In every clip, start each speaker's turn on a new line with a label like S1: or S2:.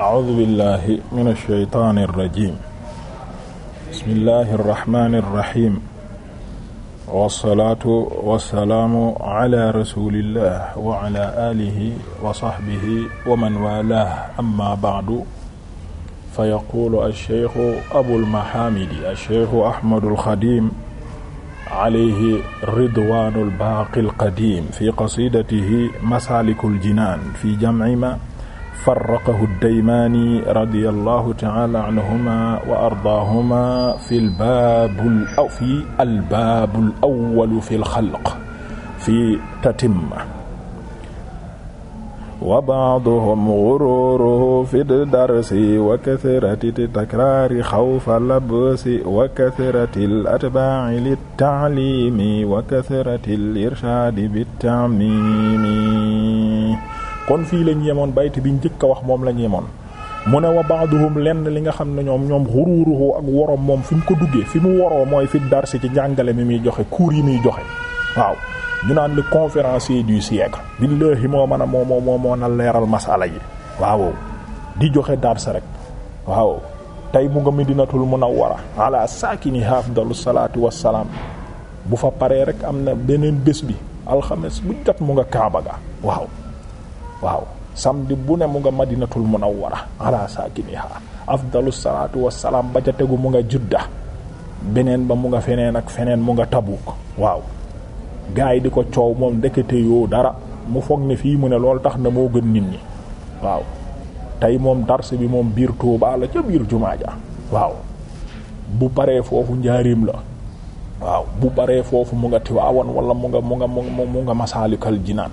S1: a'uuzu billahi mina shaytaani rajiim bismillahi rahmaani rahiim wassalaatu wassalaamu ala rasulillah wa ala alihi wa sahbihi wa man walah amma ba'du fa yaquulu alcheikhu abulmahamidi alcheikhu ahmadu alxadim alayhi ridwanu albaaqi alqadim fi qasidatihi masaliku aljinan fi jamci ma farraqahu ad-Daymaani radiyallahu ta'ala anhuma wa ardaahuma fi al-baabul aw fi al-baabul awwal fi al-xalq fi tatimma wa ba'duhum ghururuhu fi ad-darsi wa kathrati takraari xawfa labsi wa kathrati al-atbaa'i lit-ta'liimi wa kathrati al-irshaadi bit-ta'miimi kon fii lañ yemoon bayt bi njëkk a wax moom la ñu yemoon mu ne wa ba'duhum lenn li nga xam ne ñoom ñoom xuruuruhu ak worom moom fi mu ko duggee fi mu woroo mooy fi darsi ci njàngale mi muy joxe cours yi muy joxe waaw ñu naan le conférencier du siècle billaahi moo mën a moo moo moo moo na leeral masala yi waaw di joxe dars rek waaw tey mu nga Medinatul Munawwara ala saakini afdalu salaatu wassalaam bu fa paree rek am na beneen bés bi alxames bu jot Kaaba ga waaw samedi bu ne mu nga madinatul munawwara ala saakiniha afdalu salaatu wassalaam ba ca tegu mu nga judda beneen ba mu nga feneen ak feneen mu nga tabuk waaw gars yi di ko coow moom ndekete yoo dara mu foog ne fii mu ne loolu tax na moo gën nit ñi waaw tey moom darse bi moom biir Tuubaa ca biir jumaa ja waaw bu paree foofu njaarim la waaw bu baree foofu mu nga tiwaawan wala mu nga mu nga mu nga mu nga masaalikal jinaan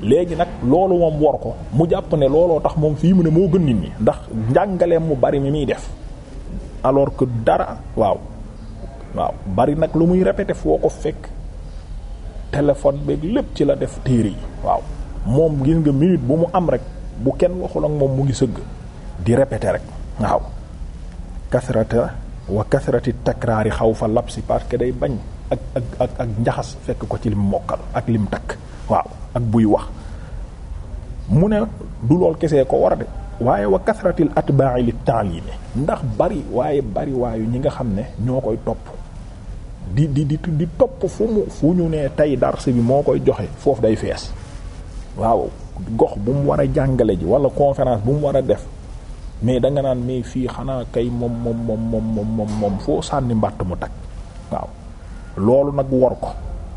S1: léegi nag loolu moom war ko mu jàpp ne looloo tax moom fii mu ne moo gën nit ñi ndax njàngaleem mu bari mi muy def alors que dara waaw waaw bari nag lu muy répété foo ko fekk téléphone beeg lépp ci la def téere yi waaw moom gis nga minute bu mu am rek bu kenn waxul ak moom mu ngi sëgg di répété rek waaw kasrata wa kasrati takraari xaw fa lab si parce que day bañ ak ak ak ak njaxas fekk ko ci lim mokkal ak lim takk waaw ak buy wax mu ne du lool kesee ko war a de waaye wa at atba'i li ta'limi ndax bari waaye bari waayu ñi nga xam ne ñoo koy topp di di di di topp fu mu fu ñu ne tey darse bi moo koy joxe foofu day fees waaw gox bu mu war a jàngale ji wala conférence bu mu war a def mais da nga naan mais fii xanaa kay moom moom moom moom moom moom foo sànni mbàtt mu takk waaw loolu nag war ko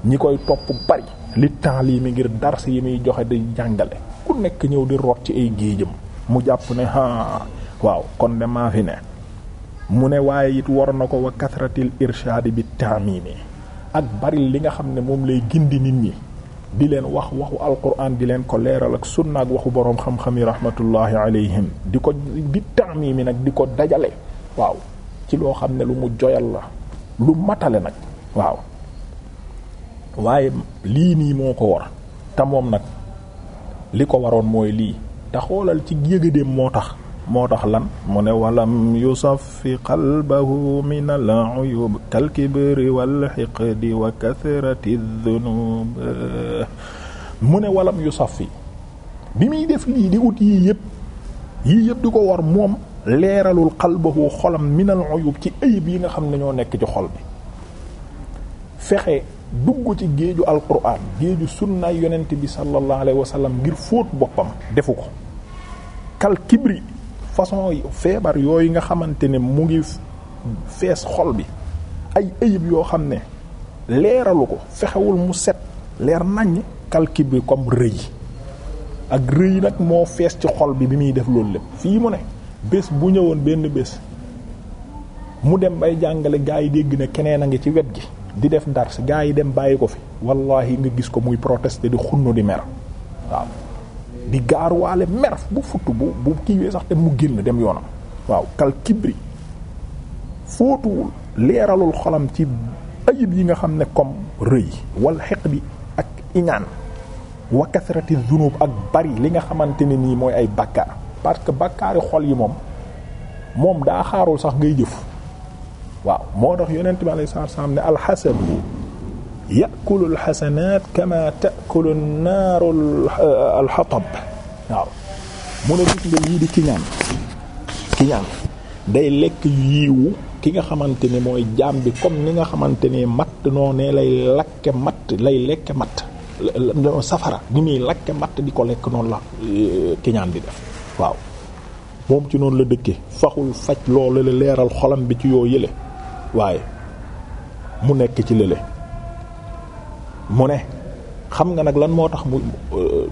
S1: ñi koy topp bari li temps mi ngir dars yi muy joxe di jàngale ku nekk ñëw di root ci ay géejam mu jàpp ne a waaw kon de maa fi ne mu ne waaye it war na ko wa kasratil irshadi bi taamimi ak bari li nga xam ne moom lay gindi nit ñi di leen wax waxu alquran di leen ko leeral ak sunna waxu boroom xam-xam yi rahmatullahi alayhim di ko bi taamimi nag di ko dajale waaw ci loo xam ne lu mu joyal la lu matale nag waaw waaye lii nii moo ko war te moom nag li ko waroon mooy lii te xoolal ci yëgadeem moo tax moo tax lan mu ne walam yu qalbahu min al uyub kal kibri wal hiqdi wa kathrati dhunub mu ne walam yusaffi bi muy def lii di ut yii yëpp yii yëpp di ko war moom leeralul qalbahu xolam min al ci ayib yi nga xam ne ñoo nekk ci xol bi fexe dugg ci géeju alquran géeju sunnaay yonent bi sallallahu alayhi wa sallam ngir fóot boppam defu ko kal kibri façon feebar yooyu nga xamante ne mu ngi fees xol bi ay ayib yoo xam ne leeralu ko fexewul mu set leer naññ kal kibri comme rëy ak rëy nag moo fees ci xol bi bi muy def loolu lépp fii mu ne bés bu ñëwoon benn bés mu dem bay jàngale gaa yi dégg ne keneen a ngi ci wet gi di def ndar si gaa yi dem bàyyi ko fi wallahi nga gis ko muy protester di xunnu di mera waaw di gaaruwaale mer bu futt bu bu kiiwee sax te mu génn dem yoonam waaw kal kibri fóotuwul leeralul xolam ci ayib yi nga xam ne comme rëy wal xeq bi ak iñaan wa kasrati zunub ak bari li nga xamante ne nii mooy ay bàkkaar parce que bàkkaari xol yi moom moom daa xaarul sax ngay jëf waaw moo tax yonent bi alayhi salaatu salaam ne alxasadu yakulu alxasanaat kama takulu naaru alxatab waaw mu ne gis nga lii di kiñaan kiñaan day lekk yiiwu ki nga xamante ne mooy jaam bi comme ni nga xamante ne matt noo ne lay lakke matt lay lekke matt safara ni muy lakke matt di ko lekk noonu la euh, kiñaan bi def waaw moom ci noonu la dëkke faxul faj loolu la leeral xolam bi ci yoo yële waaye mu nekk ci lële mu ne xam nga nag lan moo tax mu euh,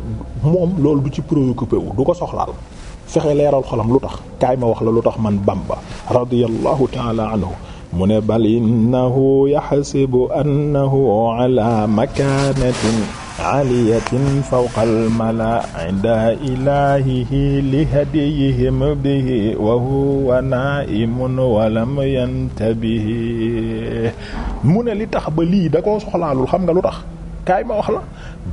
S1: moom loolu du ci préoccupé wu du ko soxlaal fexe leeral xolam lu tax kaay ma wax la lu tax man Bamba radiyallahu taala anhu mu ne bal innahu yaxsibu annahu ala makanatin aliyatin fawqal mala inda ilahihi lihadiyihim bihi wa huwa naimun walam yantabihi mu ne li tax ba lii da koo soxlaalul xam nga lu tax kaay ma wax la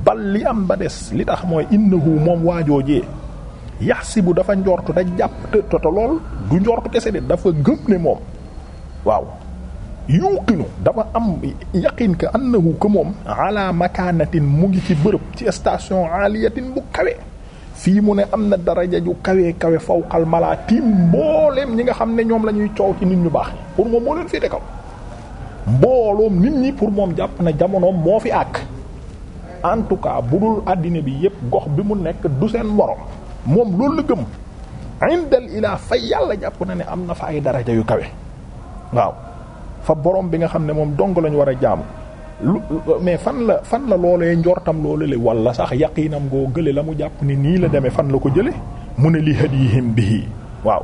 S1: bal li am ba des li tax mooy innahu moom waajoojee yaxsibu dafa njort te jàpp te te lool du njort kese de dafa gëm ne moom waaw yuqinu dama am yaqin ka annahu que moom ala makanatin mu ngi ci bërëb ci station aliyatin bu kawe fii mu ne am na daraja ju kawe kawe fawqal malatim mbooleem ñi nga xam ne ñoom la ñuy coow ci nit ñu baax pour moom moo leen féete kaw mbooloom nit ñi pour moom jàpp na jamonoom moo fi àkk en tout cas bu dul àddina bi yépp gox bi mu nekk du seen morom moom loolu la gëm indal ilaa fay yàlla jàpp na ne am na fa ay daraja yu kawe waaw fa borom bi nga xam ne moom dong lañ war a jaamu lu mais fan la fan la loolee njortam loolu le wala sax yaqiinam ngoo gële la mu jàpp ni nii la demee fan la ko jële mu ne li hadihim bihi waaw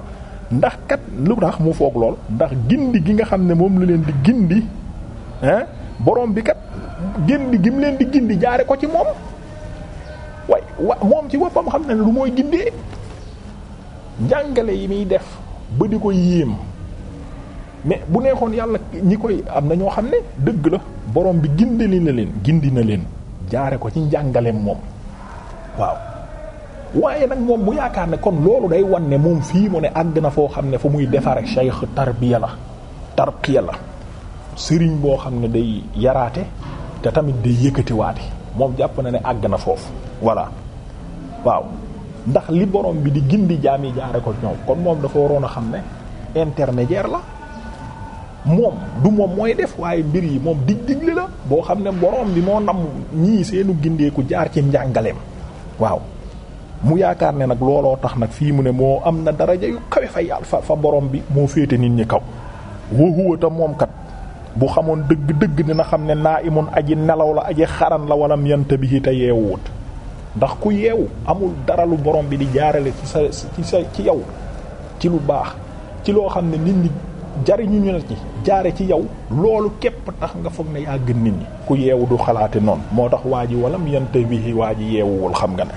S1: ndax kat lu tax mu foog lool ndax gindi gi nga xam ne moom la leen di gindi ah borom bi kat gindi gi mu leen di gindi jaare ko ci moom way wa moom ci woppam xam ne lu mooy gindee njàngale yi muy def ba di ko yéem mais bu neexoon yàlla ñi koy am na ñoo xam ne dëgg la borom bi gindali na leen gindi na leen jaare ko ci njàngaleem moom waaw waaye nag moom bu yaakaar ne kon loolu day wan ne moom fii mu ne àgg na foo xam ne fu muy defare shaykh tarbiya la tarqiya la sëriñ boo xam ne day yaraate te tamit day yëkkatiwaate moom jàpp na ne àgg na foofu voilà waaw ndax li borom bi di gindi jaam yi jaare ko ñoom kon moom dafa waroon a xam ne intermédiaire la moom du moom mooy def waaye mbir yi moom dig digle la boo xam ne borom bi moo nam ñii seenu gindeeku jaar ci njàngaleem waaw mu yaakaar ne nag looloo tax nag fii mu ne moo am na daraja yu kawe fa yàlla fa fa borom bi moo féete nit ñi kaw wahuwa ta moom kat bu xamoon dëgg-dëgg dina xam ne naa imun aji nelaw la aji xaran la walam yantabihi te yeewuut ndax ku yeewu amul dara lu borom bi di jaarale ci sa ci sa ci yow ci lu baax ci loo xam ne nit jariñu ñu nit ñi jaare ci yow loolu képp tax nga foog ne yaa gën nit ñi ku yeewu du xalaati noonu moo tax waa ji walam yantabihi waa ji yeewuwul xam nga ne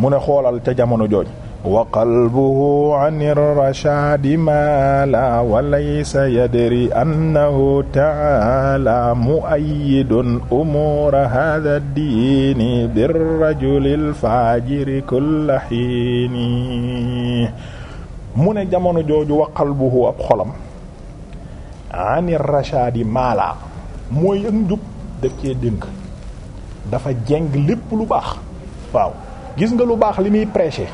S1: mu ne xoolal ca jamono jooj wa qalbuhu an irrashadi maala wa laysa yadri annahu taala muayyidun umuura hadha diini birrajulil faajiri kulla hiini mu ne jamono jooju wa qalbuhu ab xolam ani rashadi maala mooy ak njub def cee dénk dafa jeng lépp lu baax waaw gis nga lu baax li muy prêcher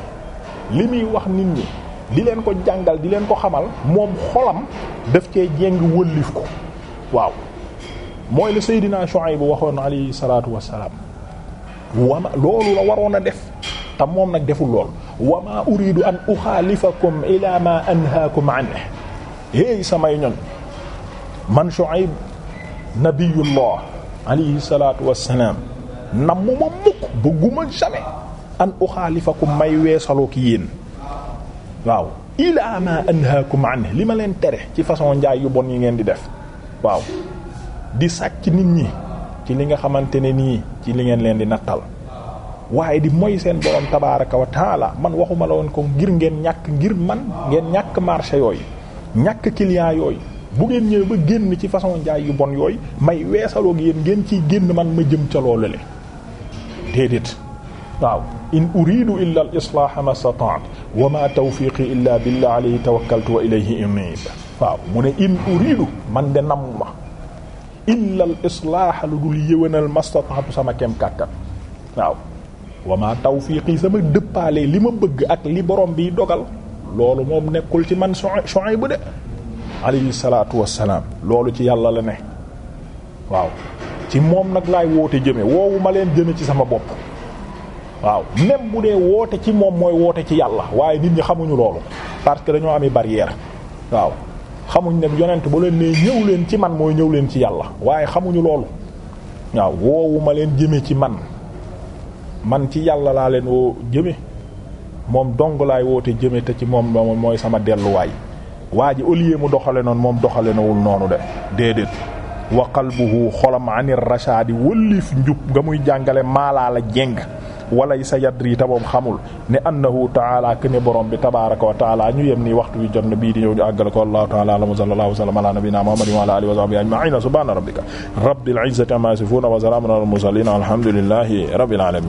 S1: li muy wax nit ñi di leen ko jàngal di leen ko xamal moom xolam def cee jeng wëllif ko waaw mooy la Seydina yi bu waxoon alayhi salaatu wassalaam wama loolu la waroon a def te moom nag deful lool wa ma uridu an uxaalifakum ila ma anhaakum anhu hey samay ñoñ man Shuayb nabiyullah alayhi wassalaam nam mu ma mukk bëgguma jamais an uxaalifakum may weesaloo ki yéen waaw ila ma anhaakum anhu li ma leen tere ci façon njaay yu bon yi ngeen di def waaw di sàcc nit ñi ci li nga xamante ne nii ci li ngeen leen di nattal waaye di moy seen borom tabaraka wa taala man waxuma la woon ko ngir ngeen ñàkk ngir man ngeen ñàkk marché yooyu ñàkk client yooyu bu ngeen ñëwee ba génn ci façon njaay yu bon yooyu may weesaloo gi yéen ngeen ciy génn man ma jëm ca loolu le déedéet waaw in uridu illa al islaha wa ma tawfiqi illa billah alayhi tawakkaltu waaw mu ne in ma lu dul yëwénal ma sama kem kàttan waaw wa ma tawfiqi sama dëppaale li ma bëgg ak li borom bi dogal loolu moom nekkul ci man Shuayb de alayhi salaatu wassalaam loolu ci yàlla la ne waaw ci moom nag laay woote jëme woowu ma leen jëme ci sama bopp waaw même bu dee woote ci moom mooy woote ci yàlla waaye nit ñi xamuñu loolu parce que dañoo ami barrière waaw xamuñ ne yonent bu leen ne ñëw leen ci man mooy ñëw leen ci yàlla waaye xamuñu loolu waaw woowuma leen jëme ci man man ci yàlla laa leen woo jëme moom dong laay woote jëme te ci moom moom mooy sama delluwaay waa ji au mu doxale noonu moom doxale nawul noonu de déedéet wa qalbuhu xolam anir rashadi wëlliif njub nga muy jàngale maalaa la jeng walay sa yadri ta moom xamul ne annahu taala que ne borom bi tabaraka wa taala ñu yem nii waxtu wi jot na bii alhamdulillahi rabbil alamin